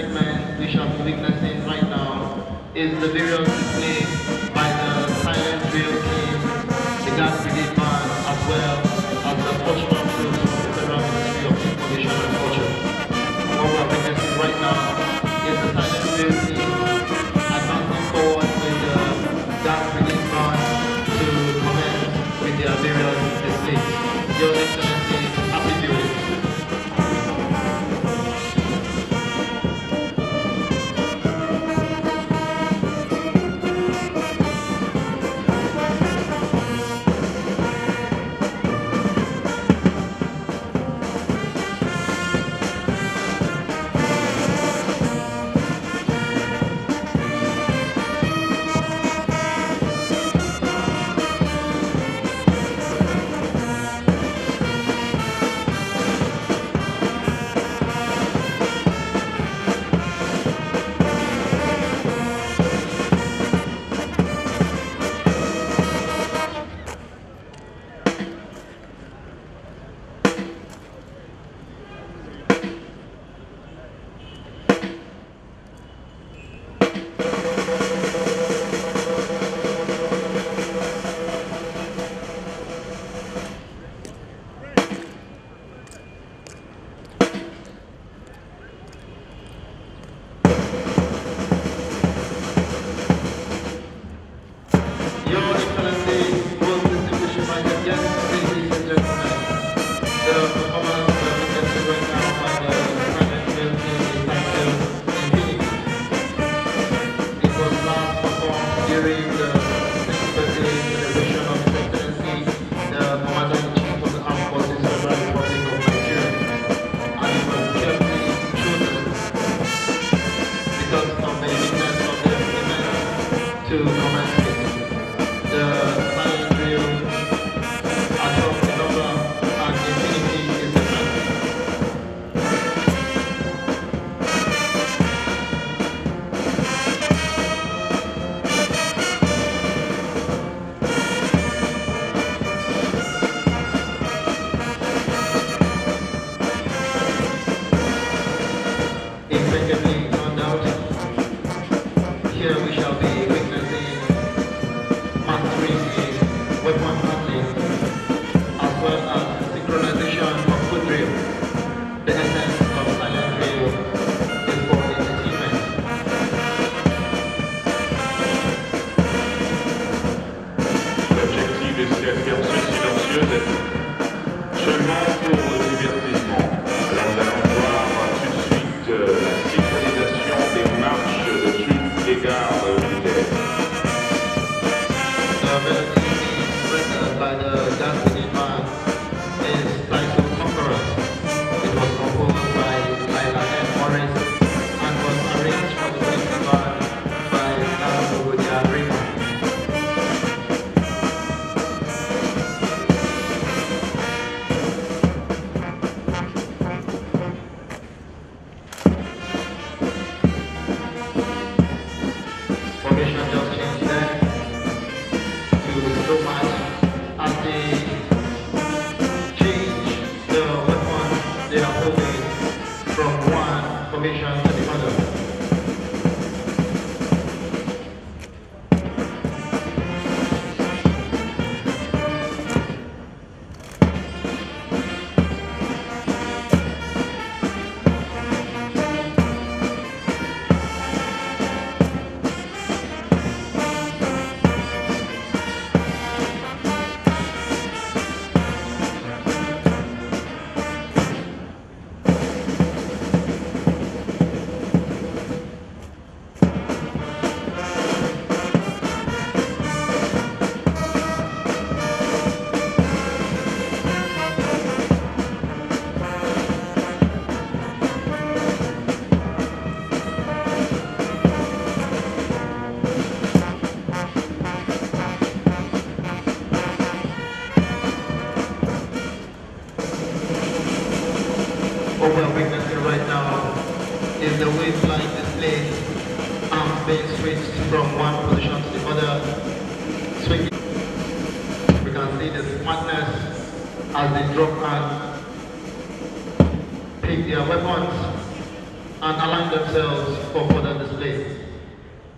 segment which I'm witnessing right now is the video display.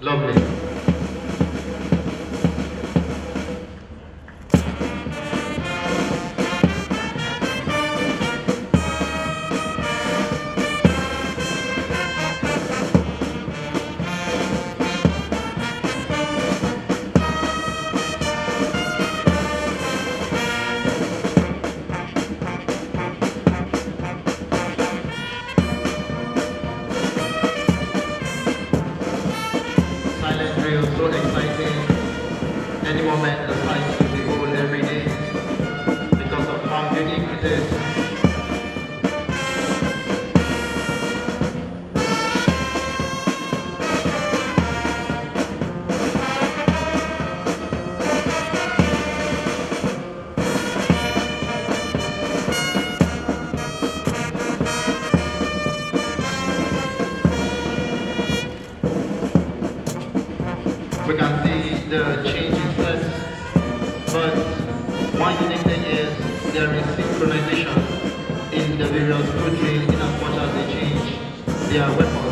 Lovely. so exciting. Any moment assigns to be goal every day. we got the, the changing sets. But one unique thing is there is synchronization in the various countries in as much as they change their weapons.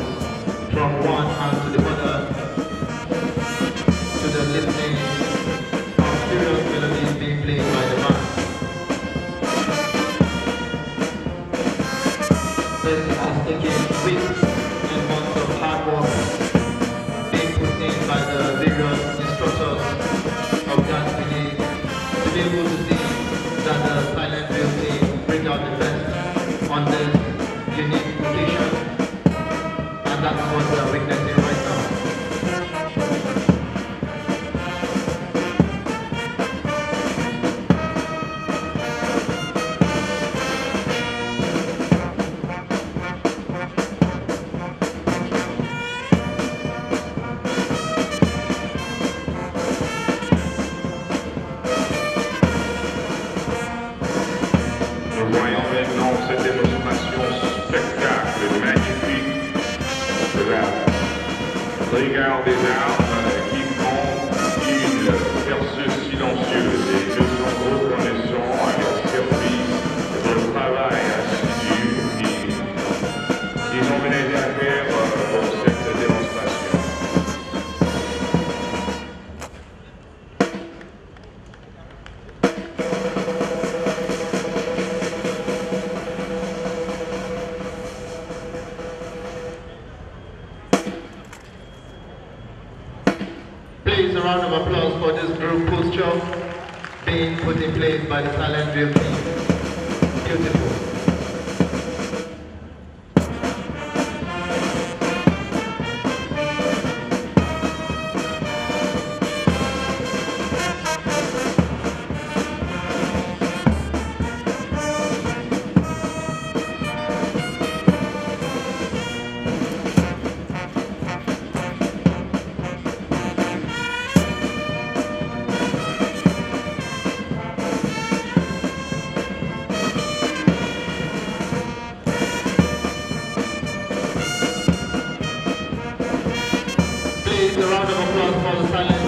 played by Real Team. Beautiful. round of applause for the silent